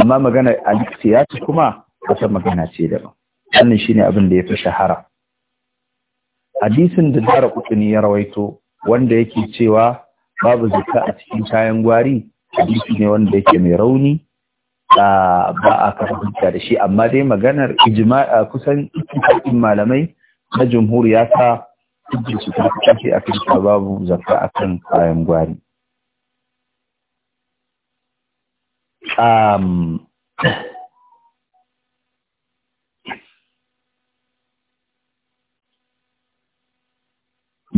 amma magana aliktiyatu kuma wata magana ce daban wannan shine abin da ya yafi shahara hadisin da dara kutuni ya rawaito wanda yake cewa babu zakka a cikin kayan gwari hadisi ne wanda yake mai rauni ba a da shi amma dai maganar ijma'a kusan malamai na jumhur ya duk su ta kashe a kan babu zakka a kan kayan gwari.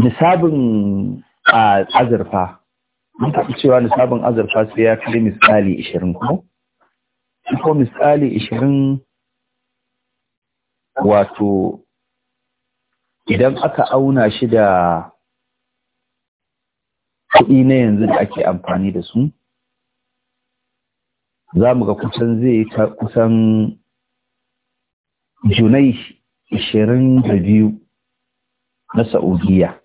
Nisabin azurfa, mun taɓa cewa nisabin azurfa sai ya kai misali ishirin ko? Ko misali ishirin wato idan aka auna shi da kuɗi na yanzu da ake amfani da su za mu ga kusan zai kusan junai ashirin da biyu na sa'udiyya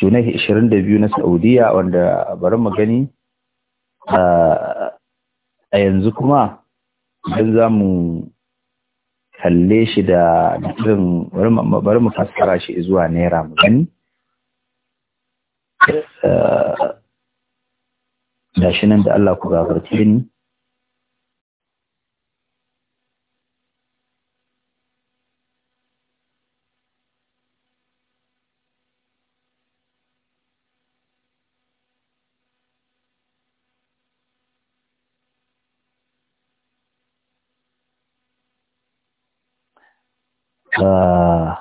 junai ashirin da biyu na sa'udiyya wanda bari mu gani a yanzu kuma idan za mu kalle shi da irin bari mu fassara shi zuwa naira mu gani da eh, shi nan da Allah ku gafarce ni Ah.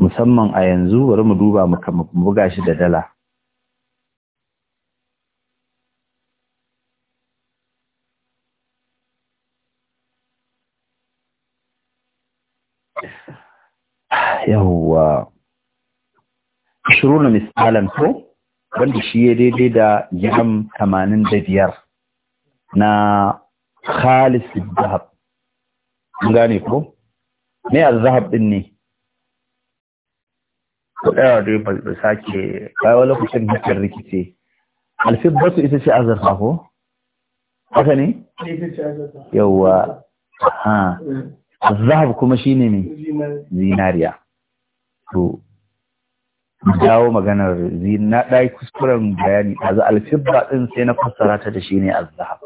musamman a yanzu bari mu duba mu buga shi da dala yawwa na misalan ko wanda shi ya daidai da da 85 na khalis zahab an gane ko me azhab din ne ko da dai ba sake kai wala ku cin hakkar rikice alfibbatu ita ce azurfa ko haka ne yawa ha azhab kuma shine ne zinariya to dawo maganar zina dai kuskuren bayani azal fibba din sai na fassara ta da shine azhab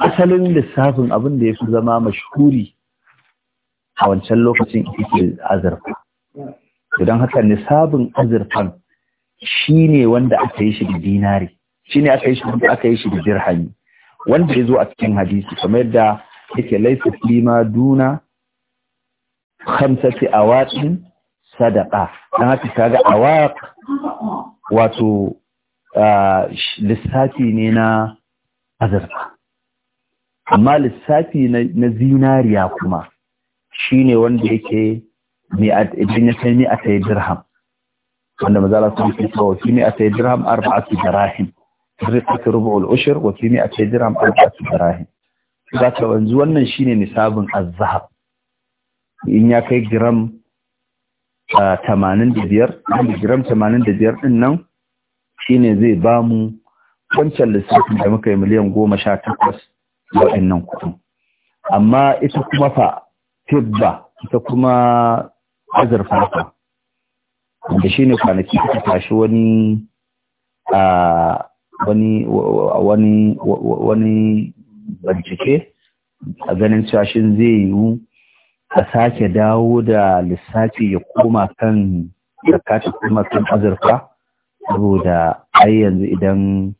asalin lissafin abin da ya fi zama mashuri a wancan lokacin ita azurfa idan haka nisabin azurfan ne wanda aka yi shi da dinari ne aka yi shi wanda aka yi shi da jirhani. wanda ya zo a cikin hadisi kamar yadda yake laifin lima duna a awatin sadaqa don haka a awaq wato ah, lissafi ne na azurfa amma lissafi na zinariya kuma shine wanda yake idan ya kai ni a tayi dirham wanda mazala sun fi kawo fi ni a tayi dirham arba'atu dirahim rizqatu rubu'ul ushur wa fi ni a tayi dirham arba'atu dirahim za ka wanzu wannan shine nisabin azhab in ya kai gram 85 gram 85 din nan shine zai bamu wancan lissafin da muka yi miliyan goma sha takwas waɗannan kuɗin amma ita kuma fa fibba ita kuma azurfa fa wanda ne kwanaki suka tashi wani bincike a ganin cewa zai yiwu a sake dawo da lissafi ya koma kan zakatun kuma kan azurfa saboda ai yanzu idan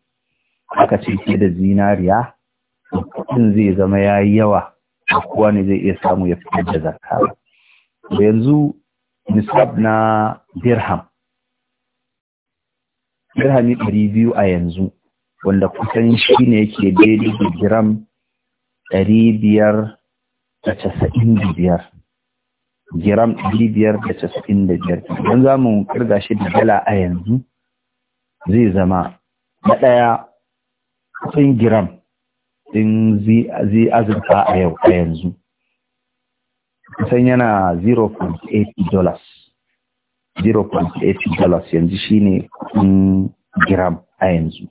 aka ce da zinariya kuɗin zai zama ya yi yawa a kowa ne zai iya samu ya fi da ba. da yanzu nisab na birham. birhami ɗari biyu a yanzu wanda kusan shi ne yake daidai da giram ɗari biyar da casa'in da biyar giram ɗari biyar da casa'in da biyar Idan za mu kirga shi da dala a yanzu zai zama na ɗaya kusan giram in zai azurfa a yau a yanzu kusan yana 0.80 dollars 0.80 dollars yanzu shine kudin gram a yanzu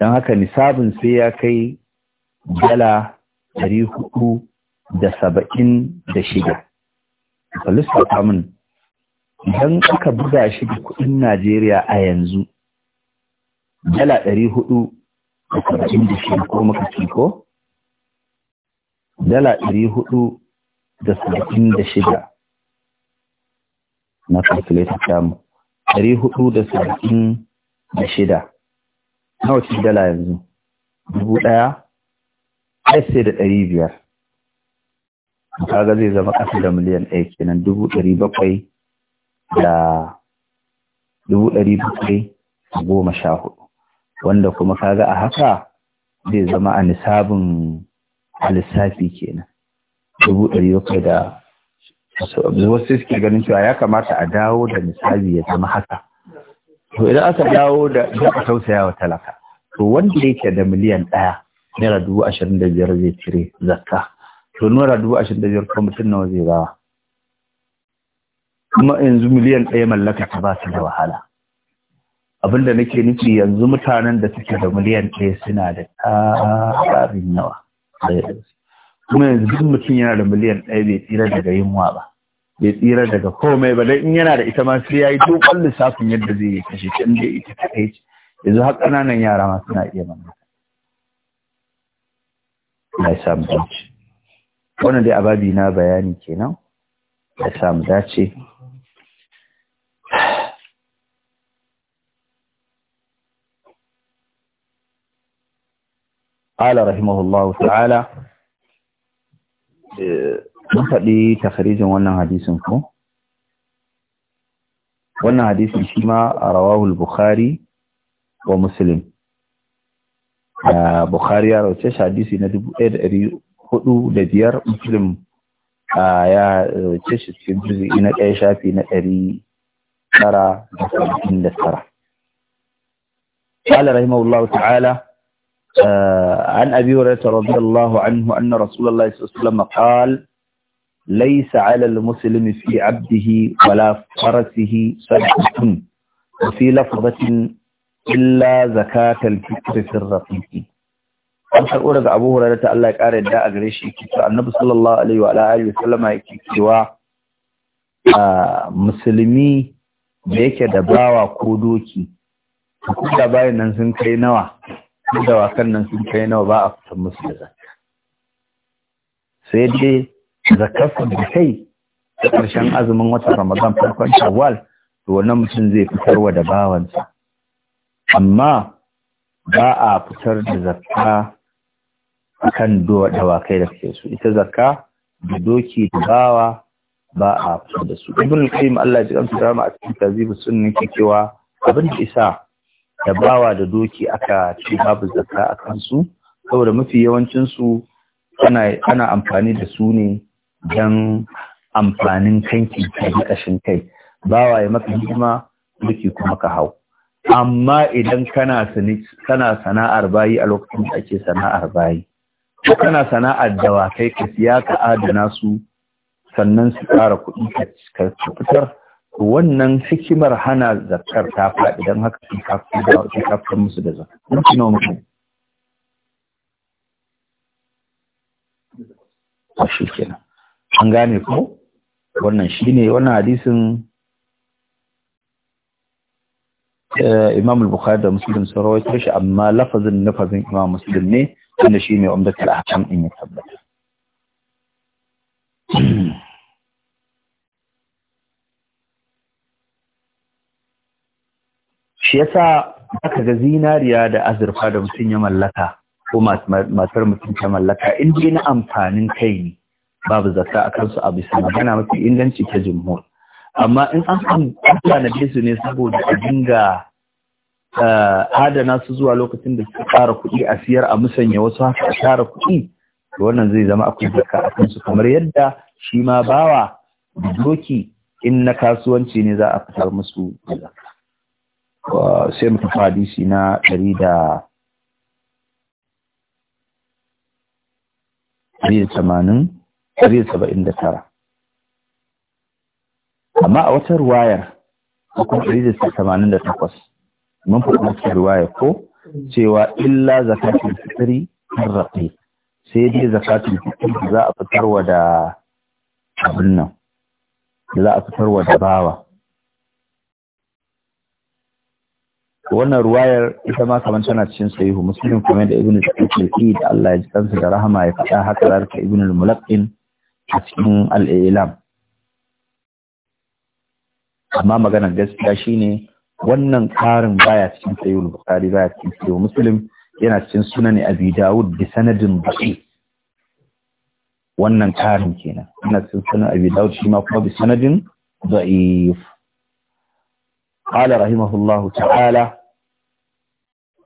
don haka nisabin sai ya kai dala 476 ka lissafa min idan aka buga shi da kudin Najeriya a yanzu dala 400 da saba'in da shi ko muka ci ko dala ɗari hudu da saba'in da shida na calculator tamu ɗari hudu da saba'in da shida nawa ce dala yanzu dubu ɗaya ai sai da ɗari biyar kaga zai zama ƙasa da miliyan ɗaya kenan dubu ɗari bakwai da dubu ɗari bakwai goma sha hudu wanda kuma kaga a haka zai zama a nisabin alisafi lissafi kenan dubu ɗari bakwai da wasu suke ganin cewa ya kamata a dawo da nisabi ya zama haka to idan aka dawo da za a tausaya wa talaka to wanda yake da miliyan ɗaya naira dubu ashirin da biyar zai cire zakka to naira dubu ashirin da biyar kuma mutum nawa zai bawa kuma yanzu miliyan ɗaya mallaka ta ba su da wahala da nake nufi yanzu mutanen da suke da miliyan ɗaya suna da ƙarin nawa. kuma yanzu duk mutum yana da miliyan ɗaya bai tsira daga yunwa ba bai tsira daga komai ba dan in yana da ita ma sai yi dogon lissafin yadda zai yi kashe can da ita ta kai yanzu har ƙananan yara ma suna iya mana ya samu dace wannan dai ababi na bayani kenan ya samu dace ala rahimahullahu ta'ala eh, wannan hadisin ko wannan hadisin shi ma a rawahul bukhari wa muslim ah, bukhari ya rauce hadisi na 1405 muslim ah, ya rauce shi cikin juzi na ɗaya shafi na tara da قال رحمه الله تعالى عن أبي هريرة رضي الله عنه أن رسول الله صلى الله عليه وسلم قال ليس على المسلم في عبده ولا فرسه صدقة وفي لفظة إلا زكاة الفكر في الرقيق an karɓo daga abu hurairar ta Allah ya ƙara yadda a gare shi kisa annabi sallallahu alaihi wa musulmi da yake da bawa ko doki ko da bayan nan sun kai nawa duk dawakan nan sun kai nawa ba a fitar musu da zakka sai dai zakkar da kai ta ƙarshen azumin wata ramadan farkon shawwal to wannan mutum zai fitar wa da bawansa amma ba a fitar da zakka kan dawakai da kake su ita zakka da doki da bawa ba a fitar da su ibn al-qayyim Allah ya ji kansa da a cikin tazibu ke cewa abin da isa da bawa da doki aka ci babu zakka a kansu saboda mafi yawancinsu ana amfani da su ne don amfanin kanki ka ji kashin kai bawa ya maka hidima doki kuma ka hau amma idan kana kana sana'ar bayi a lokacin da ake sana'ar bayi kana sana'ar dawakai ka siya ka adana su sannan su ƙara kuɗi ka fitar wannan hikimar hana zakar ta faɗi don haka sun kafin da wasu musu da zakar mutu na shi kenan an gane ko wannan shi ne wannan hadisin eh, imam al-bukhari da musulun sun rawaito shi amma lafazin nufazin imam musulun ne wanda shi ne umdatul ahkam in ya tabbata shi yasa aka ga zinariya da azurfa da mutum ya mallaka ko matar mutum ta mallaka in dai na amfanin kai ne babu zakka a kansu a bisa magana mafi inganci ta jumhur amma in an tanade su ne saboda a dinga eh, adana su zuwa lokacin da suka tsara kuɗi a siyar a musanya wasu haka a tara kuɗi wannan zai zama akwai zakka a kansu kamar yadda shi ma bawa doki in na kasuwanci ne za a fitar musu zakka sai mu tafi hadisi na ɗari da tamanin ɗari da saba'in da tara amma a wata ruwayar hukun ɗari da tamanin da takwas mun fi wata ruwayar ko cewa illa zakatun fitiri kan raƙi sai dai zakatun fitiri za a fitarwa da abin nan za a fitarwa da bawa wannan ruwayar ita ma kamar tana cikin sahihu muslim kuma da ibnu al da Allah ya jikansa da rahama ya faɗa haka ka ibnu al-Mulaqqin a cikin al-Ilam amma maganar gaskiya shine wannan karin baya cikin sahihu Bukhari baya cikin sahihu Muslim yana cikin sunan Abi daud bi sanadin dhaif wannan karin kenan yana cikin sunan Abi daud shi ma kuma bi sanadin dhaif قال رحمه الله تعالى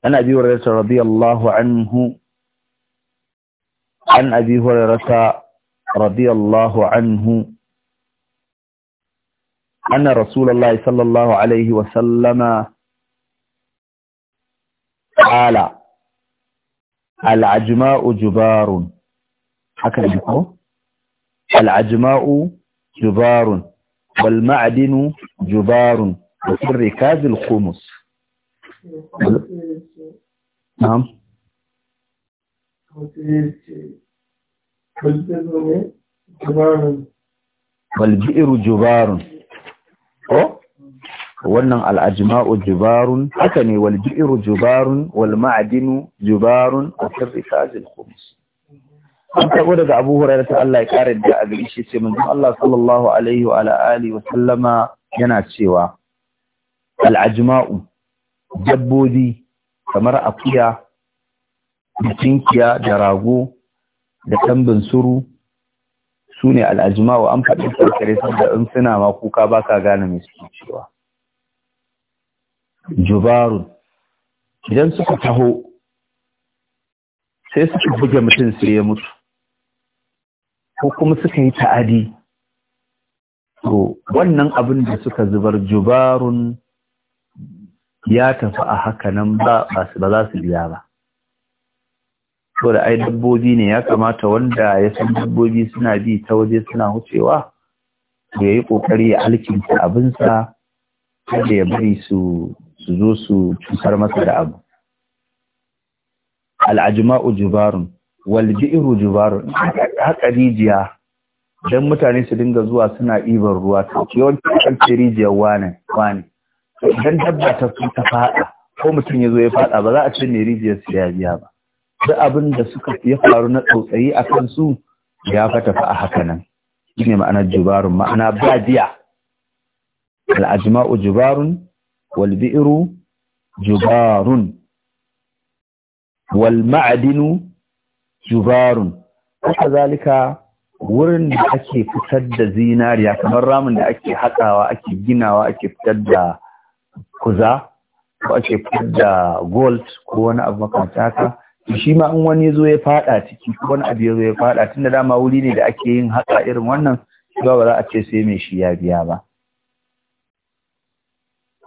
عن أبي هريرة رضي الله عنه عن أبي هريرة رضي الله عنه أن رسول الله صلى الله عليه وسلم قال العجماء جبار هكذا العجماء جبار والمعدن جبار وفي الركاز الخمس نعم والبئر جبار wannan al'ajima'u jubarun haka ne walbi'iru jubarun walma'adinu jubarun a sirri kajin An taɓo daga abu hurar ta Allah ya ƙara da a gari shi ce, Manzon Allah sallallahu Alaihi wa wa sallama yana cewa, Al'ajima'u, dabbobi kamar akuya da cinkiya da rago da tambin suru su ne al'ajma'u an faɗi sarkare saboda in suna ma kuka ba ka gane mai suke cewa jubarun idan suka taho sai suka buge mutum sai ya mutu ko kuma suka yi ta'adi to wannan abin da suka zubar jubarun ya tafi a haka nan ba za su biya ba To da ai dabbobi ne ya kamata wanda ya san dabbobi suna bi ta waje suna wucewa ya yi ƙoƙari ya alkinta abinsa kada ya bari su zo su cutar masa da abu al'ajima'u jubarun walji’iru jubarun haka rijiya don mutane su dinga zuwa suna ibar ruwa ta wancan kan rijiyar wane wane idan dabba ta su ta fada ko mutum ya zo ya fada ba za a ce mai rijiyar su ya biya ba duk abin da suka ya faru na tsautsayi a kansu ya fa a haka nan ne ma'anar jubarun ma'ana ba biya al'ajima'u jubarun wal jubarun Walma'adinu ma'adinu jubarun haka zalika wurin da ake fitar da zinariya kamar ramin da ake haƙawa ake ginawa ake fitar da kuza ko a ce da gold ko wani abu makamta haka shi ma in wani zo ya fada ciki ko wani abu ya zo ya fada tunda dama wuri ne da ake yin haka irin wannan ba ba za a ce sai mai shi ya biya ba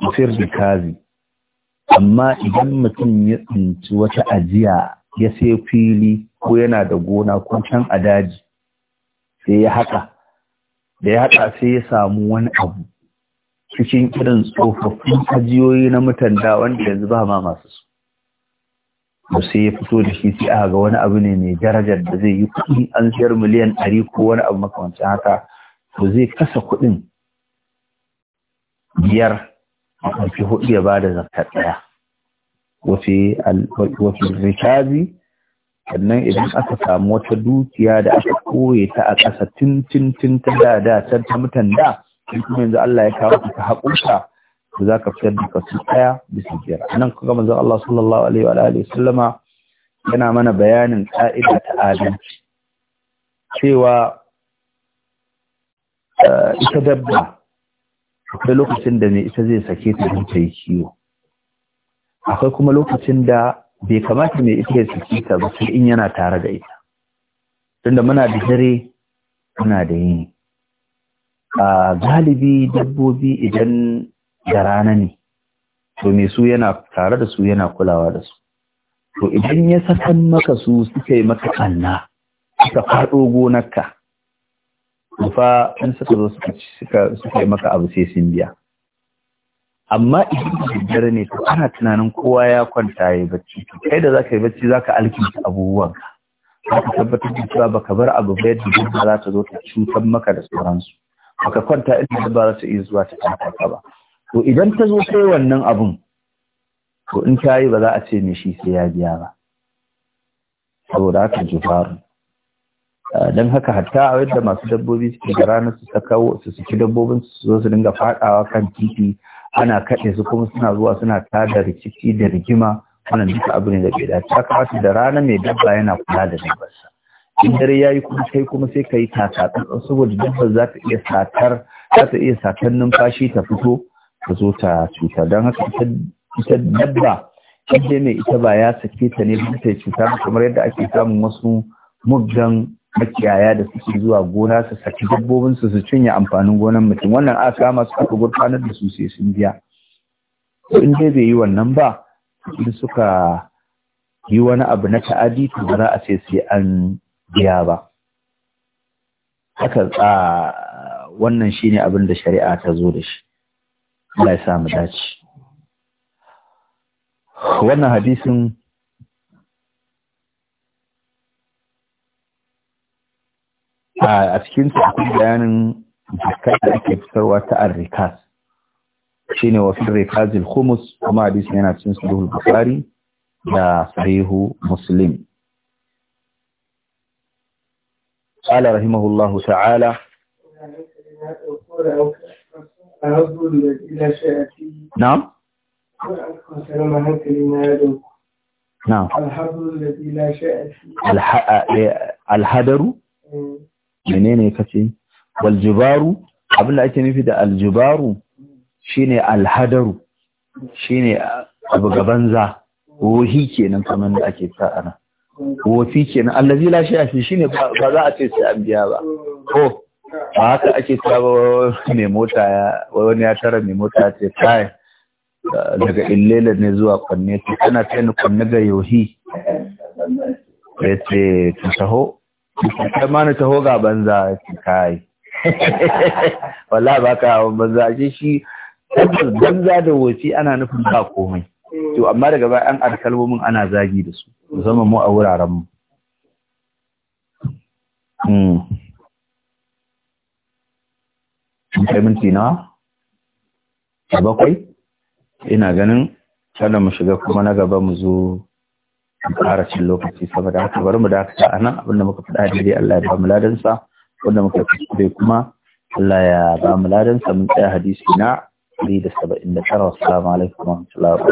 musir da kazi amma idan mutum ya tsinci wata ajiya ya sai fili ko yana da gona ko can a daji sai ya haka da ya haka sai ya samu wani abu cikin irin tsofaffin ajiyoyi na mutanda wanda yanzu ba ma masu su to ya fito da shi sai aka ga wani abu ne mai darajar da zai yi kuɗi an siyar miliyan ɗari ko wani abu makamancin haka to zai kasa kuɗin biyar a ƙarfi hudu ya ba da zakka ɗaya wafi rikabi sannan idan aka samu wata dukiya da aka koye ta a ƙasa tun tun tun ta da da ta mutanda in kuma yanzu Allah ya kawo ka haƙurka da za ka fitar da kasu ɗaya bisa biyar anan nan kuka Allah sallallahu alaihi wa alihi sallama yana mana bayanin ƙa'ida ta adalci cewa eh, ita dabba akwai lokacin da ne ita zai sake ta don ta yi kiwo akwai kuma lokacin da bai kamata mai ita ya sake ta ba sai in yana tare da ita tunda muna da dare muna da yini a galibi dabbobi idan da rana ne to me su yana tare da su yana kulawa da su to idan ya sakan maka su suka yi maka kanna suka faɗo gonarka fa in saka zo suka yi maka abu sai sun biya amma idan dare ne to ana tunanin kowa ya kwanta ya bacci to kai da zaka yi bacci zaka alkinta abubuwanka zaka tabbatar da cewa baka bar abu ba yadda za ta zo ta cutar maka da sauransu baka kwanta inda ba za su iya zuwa ta taka ba to idan ta zo sai wannan abun to in ta yi ba za a ce me shi sai ya biya ba saboda haka faru. don haka hatta a yadda masu dabbobi suke da ranar su sakawo su dabbobin su zo su dinga faɗawa kan titi ana kaɗe su kuma suna zuwa suna ta da rikici da rigima wannan duka abu ne da ke da ta kamata da rana mai dabba yana kula da dabbarsa dare ya yi kuma sai kuma sai ka yi takatsantsan saboda dabba za ta iya satar za ta iya satar numfashi ta fito ta zo ta cuta don haka ita dabba ita mai ita ba ya sake ta ne ba ta cuta kamar yadda ake samun wasu muggan makiyaya da suke zuwa gona su saki dabbobin su su cinye amfanin gonan mutum wannan a kama su aka gurfanar da su sai sun biya in dai bai yi wannan ba in suka yi wani abu na ta'adi to ba za a ce sai an biya ba haka a wannan shine abin da shari'a ta zo da shi Allah ya sa dace wannan hadisin a cikin akwai bayanin zakka da ake fitarwa ta arrikas Shi wa fi rikazil kuma hadisin yana cikin sahih bukhari da sahihu muslim قال رحمه الله تعالى نعم نعم abin da ake nufi da aljibaru jibaru shine al hadaru shine gabanza ruhi kenan kamar da ake sa ana wofi kenan allazi la shay'a fi shine ba za a ce sai an biya ba ko ba haka ake cewa mai mota ya wani ya tara mai mota ce kai daga illela ne zuwa kwanne ta kana ta ni kwanne ga yohi ya ce ta taho ta mana taho ga banza ya ce kai *laughs* wala ba ka banza ce shi banza da wofi ana nufin ba komai to amma daga baya an ar ana zagi da su musamman mu a wuraren mu hmm. kai minti na a bakwai ina ganin kada mu shiga kuma na gaba mu zo ƙara cin lokaci saboda haka bari mu dakata a nan abinda muka faɗa daidai Allah ya ba mu ladansa wanda muka kuskure kuma Allah ya ba mu ladansa mun tsaya hadisi na 179 assalamu alaikum wa rahmatullahi